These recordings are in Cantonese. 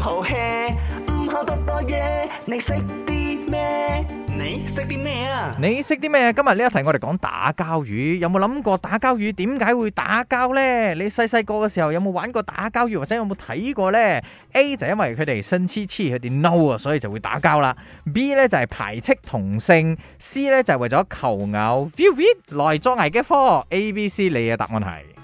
好 h 唔好得多嘢。你識啲咩？你識啲咩啊？你識啲咩啊？今日呢一題我哋講打交魚，有冇諗過打交魚點解會打交呢？你細細個嘅時候有冇玩過打交魚或者有冇睇過呢 A 就因為佢哋新黐黐佢哋 no 啊，所以就會打交啦。B 呢就係排斥同性，C 呢就係為咗求偶，View 來作危嘅科。A、B、C，你嘅答案係？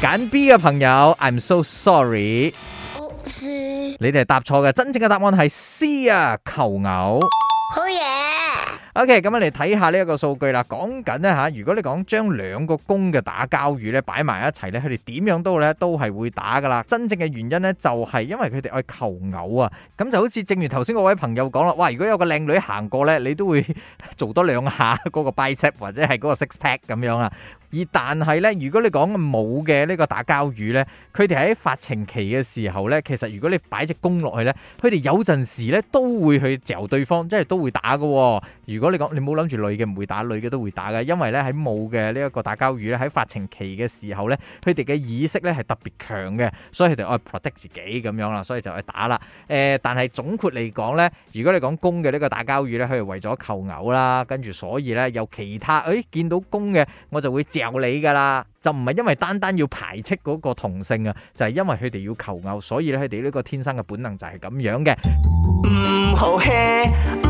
揀 B 嘅朋友，I'm so sorry。Oh, see. 你哋係答錯嘅，真正嘅答案係 C 啊，求偶。好嘢。O.K. 咁我哋睇下呢一個數據啦。講緊呢吓，如果你講將兩個公嘅打交魚呢，擺埋一齊呢，佢哋點樣都呢都係會打噶啦。真正嘅原因呢，就係因為佢哋愛求偶啊。咁就好似正如頭先嗰位朋友講啦，哇！如果有個靚女行過呢，你都會做多兩下嗰個 bicep 或者係嗰個 six pack 咁樣啊。而但係呢，如果你講冇嘅呢個打交魚呢，佢哋喺發情期嘅時候呢，其實如果你擺隻公落去呢，佢哋有陣時呢都會去嚼對方，即係都會打噶，哦。如果你講你冇諗住女嘅唔會打，女嘅都會打噶，因為咧喺冇嘅呢一個打交魚咧喺發情期嘅時候咧，佢哋嘅意識咧係特別強嘅，所以佢哋愛 protect 自己咁樣啦，所以就去打啦。誒、呃，但係總括嚟講咧，如果你講公嘅呢個打交魚咧，佢係為咗求偶啦，跟住所以咧有其他，誒、哎、見到公嘅我就會嚼你噶啦，就唔係因為單單要排斥嗰個同性啊，就係、是、因為佢哋要求偶，所以咧佢哋呢個天生嘅本能就係咁樣嘅。唔、嗯、好 hea